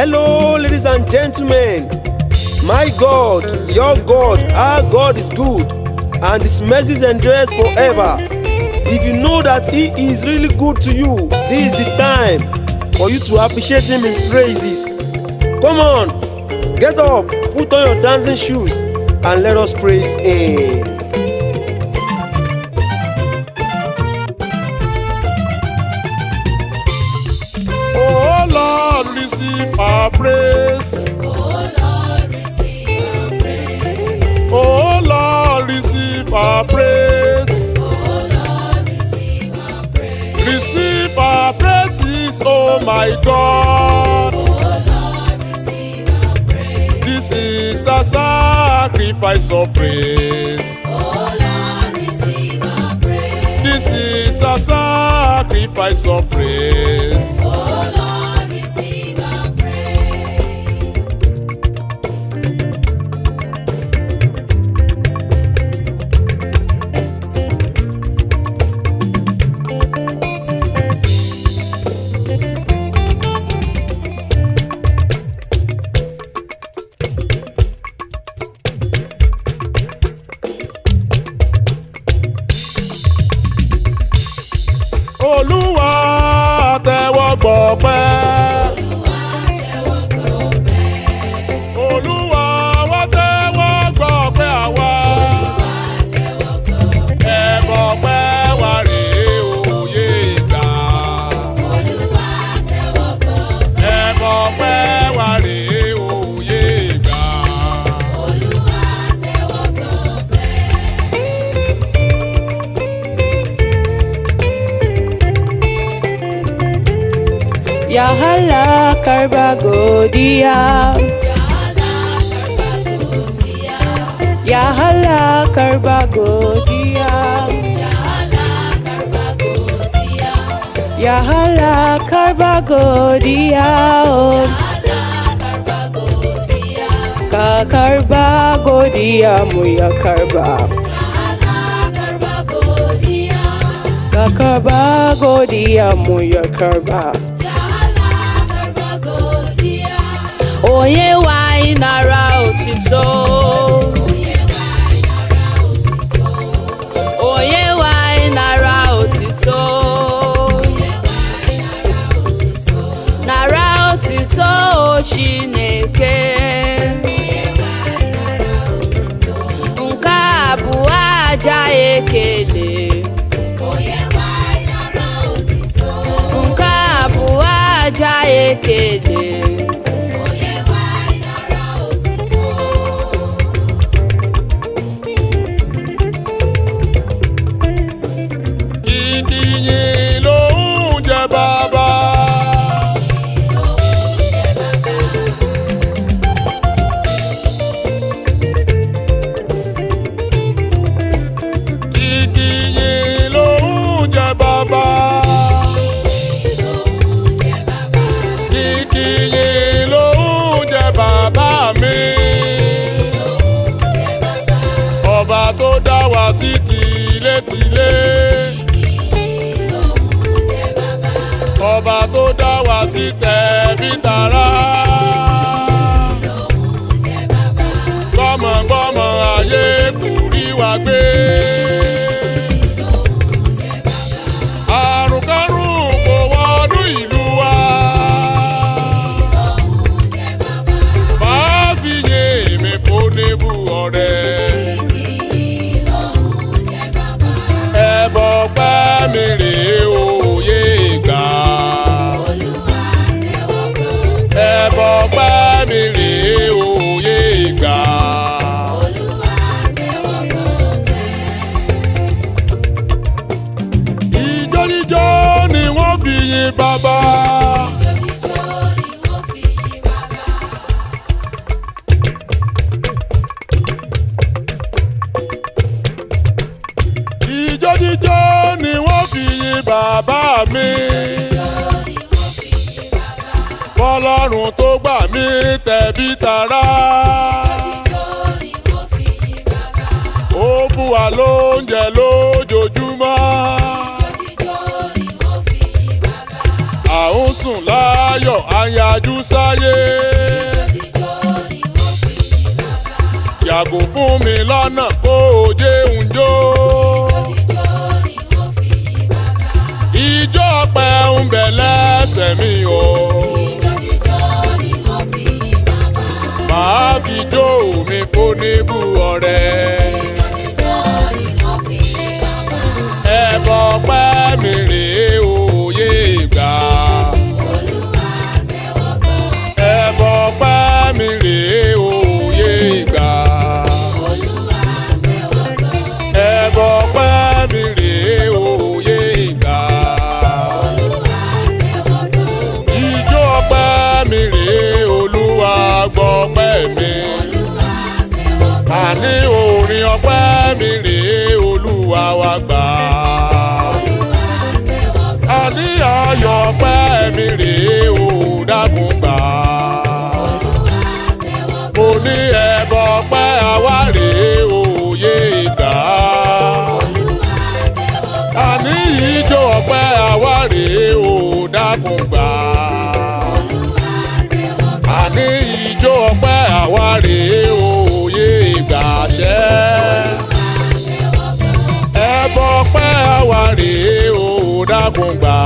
Hello, ladies and gentlemen. My God, your God, our God is good, and His mercies endures forever. If you know that He is really good to you, this is the time for you to appreciate Him in praises. Come on, get up, put on your dancing shoes, and let us praise Him. receive our praise. Oh Lord, receive our praise. Oh Lord, receive our praise. Oh Lord, receive our praise. Receive our praises, oh my God. Oh Lord, receive our praise. This is a sacrifice of praise. Oh Lord, receive our praise. This is a sacrifice of praise. Oh Lord, Yahala Karbagodia. Yahala Karbagodia. Yahala Karbagodia. Ka Karbagodia muya karba. Ka Karbagodia muya karba. onye nwe anyị nara otuto onye nara Chineke nke a bụ aja ekele nke a aja ekele ìyìn ló ń jẹ bàbá mi. ọba tó dá wa sí tìlétìlé. ọba tó dá wa sí tẹ̀bí tará. gbọ́mọgbọ́mọ ayé kò rí wa gbé. yìn bàbá. Ìjójíjó ni wọ́n fi yìn bàbá mi. Bọ́lọ́run tó gbà mí tẹ̀bí tará. Ó bù wá lóúnjẹ kú sáyé. yàgò fún mi lọ́nà kó o jẹ́ ǹjọ́. ìjọ ọpẹ ń bẹ lẹ́sẹ̀ mi o. màá fi jó omi fún níbú ọ̀rẹ́. gbà. àní ayọ̀ pẹ́ mi rèé o dákun gbà. mo ní ẹbọ pẹ́ àwa rèé òye ìgbà. àní ìjọ pẹ́ àwa rèé o dákun gbà. àní ìjọ pẹ́ àwa rèé. gbàgbọ́ngbà.